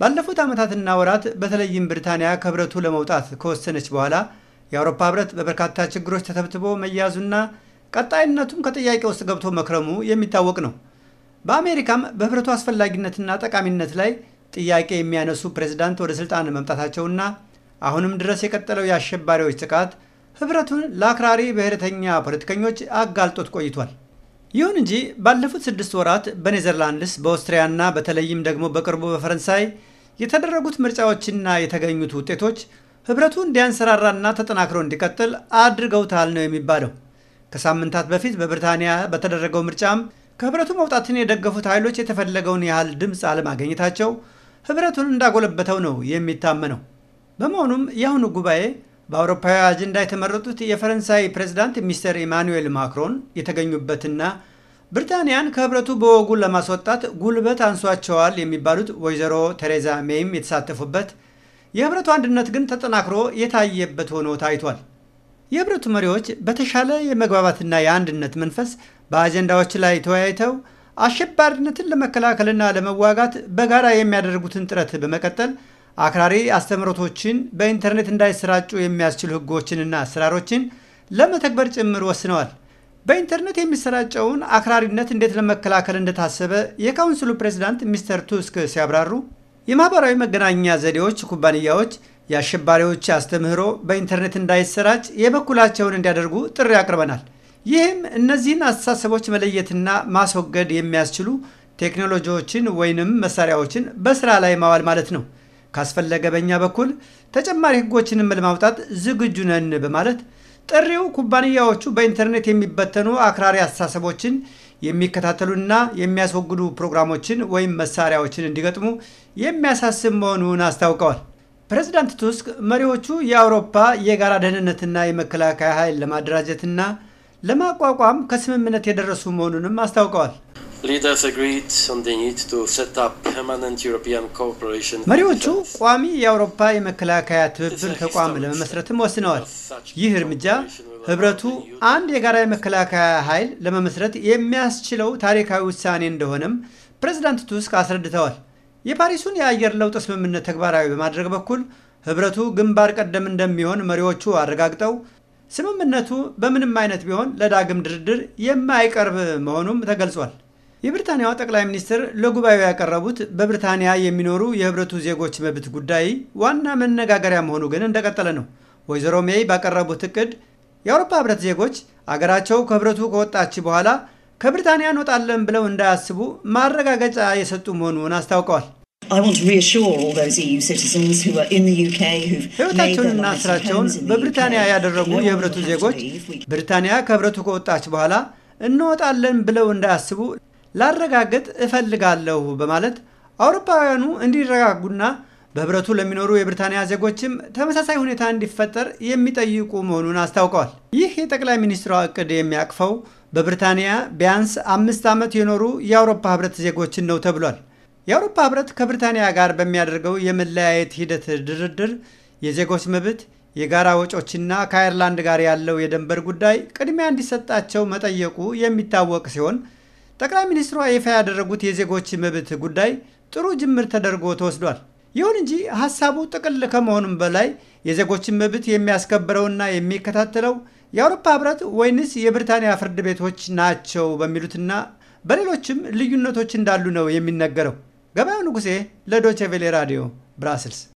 ባለፉት ዓመታትና ወራት በተለይም ብሪታንያ ከህብረቱ ለመውጣት ከወሰነች በኋላ የአውሮፓ ህብረት በበርካታ ችግሮች ተተብትቦ መያዙና ቀጣይነቱም ከጥያቄ ውስጥ ገብቶ መክረሙ የሚታወቅ ነው። በአሜሪካም በህብረቱ አስፈላጊነትና ጠቃሚነት ላይ ጥያቄ የሚያነሱ ፕሬዝዳንት ወደ ስልጣን መምጣታቸውና አሁንም ድረስ የቀጠለው የአሸባሪዎች ጥቃት ህብረቱን ለአክራሪ ብሔረተኛ ፖለቲከኞች አጋልጦት ቆይቷል። ይሁን እንጂ ባለፉት ስድስት ወራት በኔዘርላንድስ፣ በኦስትሪያና በተለይም ደግሞ በቅርቡ በፈረንሳይ የተደረጉት ምርጫዎችና የተገኙት ውጤቶች ህብረቱ እንዲያንሰራራና ተጠናክሮ እንዲቀጥል አድርገውታል ነው የሚባለው። ከሳምንታት በፊት በብሪታንያ በተደረገው ምርጫም ከህብረቱ መውጣትን የደገፉት ኃይሎች የተፈለገውን ያህል ድምፅ አለማገኘታቸው ህብረቱን እንዳጎለበተው ነው የሚታመነው። በመሆኑም የአሁኑ ጉባኤ በአውሮፓዊ አጀንዳ የተመረጡት የፈረንሳይ ፕሬዝዳንት ሚስተር ኢማኑኤል ማክሮን የተገኙበትና ብሪታንያን ከህብረቱ በወጉ ለማስወጣት ጉልበት አንሷቸዋል የሚባሉት ወይዘሮ ቴሬዛ ሜይም የተሳተፉበት የህብረቱ አንድነት ግን ተጠናክሮ የታየበት ሆኖ ታይቷል። የህብረቱ መሪዎች በተሻለ የመግባባትና የአንድነት መንፈስ በአጀንዳዎች ላይ ተወያይተው አሸባሪነትን ለመከላከልና ለመዋጋት በጋራ የሚያደርጉትን ጥረት በመቀጠል አክራሪ አስተምህሮቶችን በኢንተርኔት እንዳይሰራጩ የሚያስችሉ ህጎችንና አሰራሮችን ለመተግበር ጭምር ወስነዋል። በኢንተርኔት የሚሰራጨውን አክራሪነት እንዴት ለመከላከል እንደታሰበ የካውንስሉ ፕሬዚዳንት ሚስተር ቱስክ ሲያብራሩ የማህበራዊ መገናኛ ዘዴዎች ኩባንያዎች የአሸባሪዎች አስተምህሮ በኢንተርኔት እንዳይሰራጭ የበኩላቸውን እንዲያደርጉ ጥሪ አቅርበናል። ይህም እነዚህን አስተሳሰቦች መለየትና ማስወገድ የሚያስችሉ ቴክኖሎጂዎችን ወይንም መሳሪያዎችን በስራ ላይ ማዋል ማለት ነው። ካስፈለገ በእኛ በኩል ተጨማሪ ህጎችንም ለማውጣት ዝግጁ ነን በማለት ጥሪው ኩባንያዎቹ በኢንተርኔት የሚበተኑ አክራሪ አስተሳሰቦችን የሚከታተሉና የሚያስወግዱ ፕሮግራሞችን ወይም መሳሪያዎችን እንዲገጥሙ የሚያሳስብ መሆኑን አስታውቀዋል። ፕሬዚዳንት ቱስክ መሪዎቹ የአውሮፓ የጋራ ደህንነትና የመከላከያ ኃይል ለማደራጀትና ለማቋቋም ከስምምነት የደረሱ መሆኑንም አስታውቀዋል። መሪዎቹ ቋሚ የአውሮፓ የመከላከያ ትብብር ተቋም ለመመስረትም ወስነዋል። ይህ እርምጃ ህብረቱ አንድ የጋራ የመከላከያ ኃይል ለመመስረት የሚያስችለው ታሪካዊ ውሳኔ እንደሆነም ፕሬዚዳንት ቱስክ አስረድተዋል። የፓሪሱን የአየር ለውጥ ስምምነት ተግባራዊ በማድረግ በኩል ህብረቱ ግንባር ቀደም እንደሚሆን መሪዎቹ አረጋግጠው ስምምነቱ በምንም አይነት ቢሆን ለዳግም ድርድር የማይቀርብ መሆኑም ተገልጿል። የብሪታንያው ጠቅላይ ሚኒስትር ለጉባኤው ያቀረቡት በብሪታንያ የሚኖሩ የህብረቱ ዜጎች መብት ጉዳይ ዋና መነጋገሪያ መሆኑ ግን እንደቀጠለ ነው። ወይዘሮ ሜይ ባቀረቡት እቅድ የአውሮፓ ህብረት ዜጎች አገራቸው ከህብረቱ ከወጣች በኋላ ከብሪታንያ እንወጣለን ብለው እንዳያስቡ ማረጋገጫ የሰጡ መሆኑን አስታውቀዋል። ህይወታቸውንና e ስራቸውን በብሪታንያ ያደረጉ የህብረቱ ዜጎች ብሪታንያ ከህብረቱ ከወጣች በኋላ እንወጣለን ብለው እንዳያስቡ ላረጋግጥ እፈልጋለሁ በማለት አውሮፓውያኑ እንዲረጋጉና በህብረቱ ለሚኖሩ የብሪታንያ ዜጎችም ተመሳሳይ ሁኔታ እንዲፈጠር የሚጠይቁ መሆኑን አስታውቀዋል። ይህ የጠቅላይ ሚኒስትሯ እቅድ የሚያቅፈው በብሪታንያ ቢያንስ አምስት ዓመት የኖሩ የአውሮፓ ህብረት ዜጎችን ነው ተብሏል። የአውሮፓ ህብረት ከብሪታንያ ጋር በሚያደርገው የመለያየት ሂደት ድርድር የዜጎች መብት፣ የጋራ ወጮችና ከአይርላንድ ጋር ያለው የደንበር ጉዳይ ቅድሚያ እንዲሰጣቸው መጠየቁ የሚታወቅ ሲሆን ጠቅላይ ሚኒስትሯ ይፋ ያደረጉት የዜጎች መብት ጉዳይ ጥሩ ጅምር ተደርጎ ተወስዷል። ይሁን እንጂ ሀሳቡ ጥቅል ከመሆኑም በላይ የዜጎችን መብት የሚያስከብረውና የሚከታተለው የአውሮፓ ህብረት ወይንስ የብሪታንያ ፍርድ ቤቶች ናቸው በሚሉትና በሌሎችም ልዩነቶች እንዳሉ ነው የሚነገረው። ገበያው ንጉሴ ለዶቼ ቬሌ ራዲዮ ብራስልስ